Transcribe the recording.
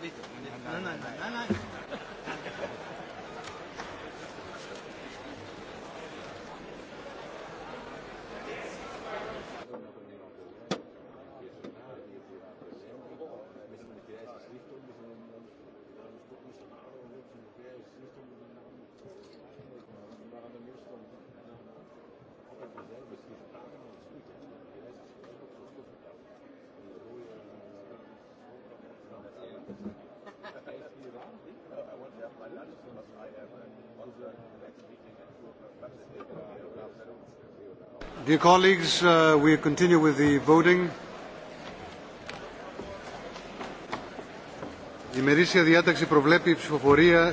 Nein, nein, Thank you. Dear colleagues, we continue with the voting. Η μερίσια διάταξη προβλέπει η ψηφοφορία